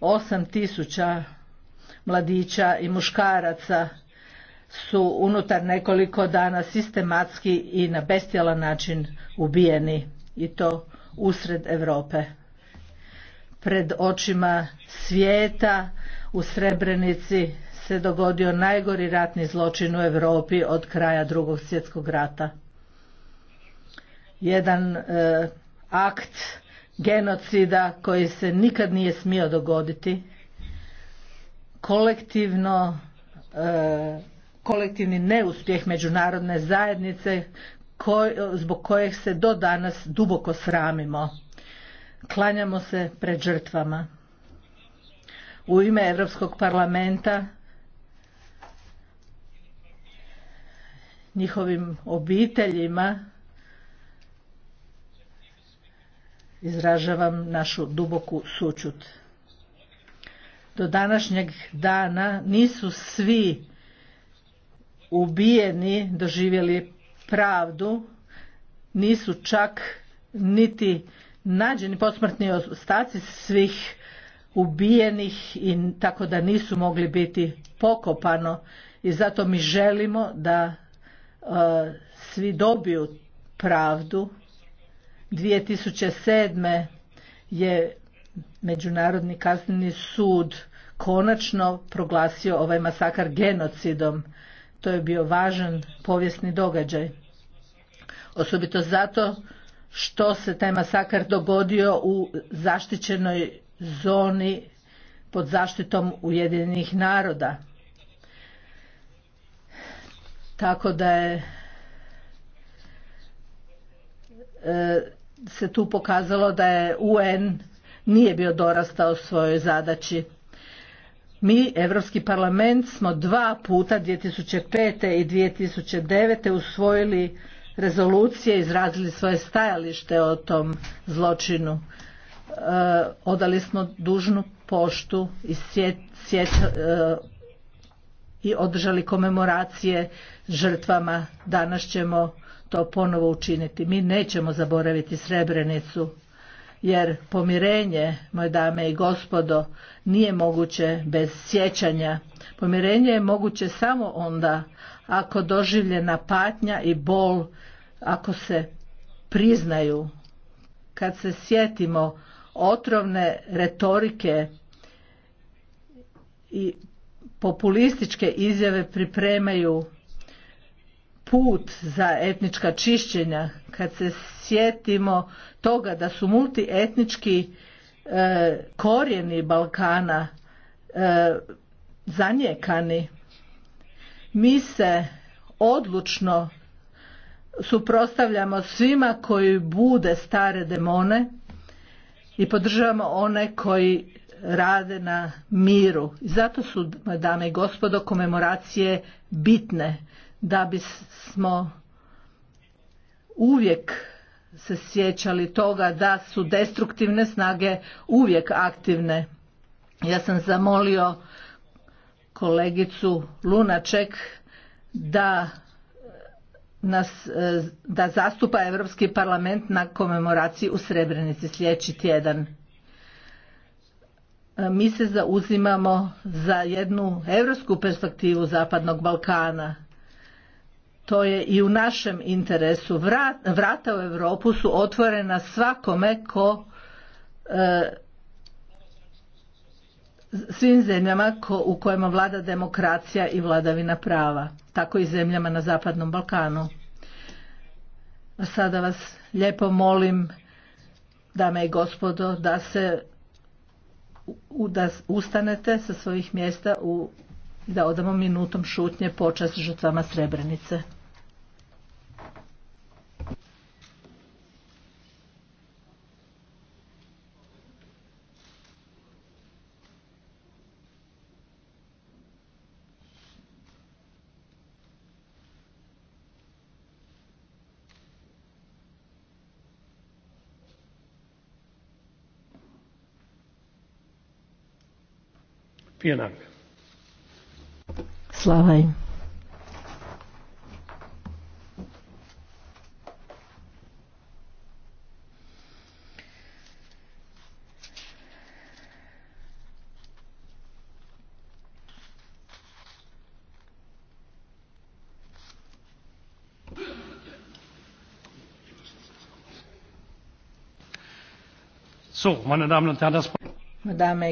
8000 mladića i muškaraca su unutar nekoliko dana sistematski i na bestijalan način ubijeni i to usred Europe. Pred očima svijeta u Srebrenici se dogodio najgori ratni zločin u Europi od kraja drugog svjetskog rata. Jedan e, akt genocida koji se nikad nije smio dogoditi kolektivno e, kolektivni neuspjeh međunarodne zajednice koj, zbog kojeg se do danas duboko sramimo klanjamo se pred žrtvama u ime europskog parlamenta njihovim obiteljima izražavam našu duboku sućut. Do današnjeg dana nisu svi ubijeni doživjeli pravdu, nisu čak niti nađeni posmrtni ostaci svih ubijenih i tako da nisu mogli biti pokopano i zato mi želimo da e, svi dobiju pravdu 2007. je Međunarodni kazneni sud konačno proglasio ovaj masakar genocidom. To je bio važan povijesni događaj. Osobito zato što se taj masakar dogodio u zaštićenoj zoni pod zaštitom Ujedinjenih naroda. Tako da je e, se tu pokazalo da je UN nije bio dorastao svojoj zadaći. Mi, Europski parlament, smo dva puta 2005. i 2009. usvojili rezolucije, izrazili svoje stajalište o tom zločinu. E, odali smo dužnu poštu i sjet, e, i održali komemoracije žrtvama. Danas ćemo to ponovo učiniti. Mi nećemo zaboraviti Srebrenicu jer pomirenje, moje dame i gospodo, nije moguće bez sjećanja. Pomirenje je moguće samo onda ako doživljena patnja i bol, ako se priznaju. Kad se sjetimo otrovne retorike i populističke izjave pripremaju put za etnička čišćenja kad se sjetimo toga da su multietnički e, korijeni Balkana e, mi se odlučno suprotstavljamo svima koji bude stare demone i podržavamo one koji rade na miru. zato su, dame i gospodo, komemoracije bitne da bismo uvijek se sjećali toga da su destruktivne snage uvijek aktivne. Ja sam zamolio kolegicu Lunaček da nas, da zastupa Europski parlament na komemoraciji u Srebrenici sljedeći tjedan. Mi se zauzimamo za jednu europsku perspektivu Zapadnog Balkana to je i u našem interesu. Vrata u Europu su otvorena svakome ko e, svim zemljama u kojima vlada demokracija i vladavina prava, tako i zemljama na Zapadnom Balkanu. Sada vas lijepo molim, dame i gospodo, da se da ustanete sa svojih mjesta u, da odamo minutom šutnje počas žrtvama Srebrenice. Vielen Dank. Slava im. So, meine Damen und Herren, das Dame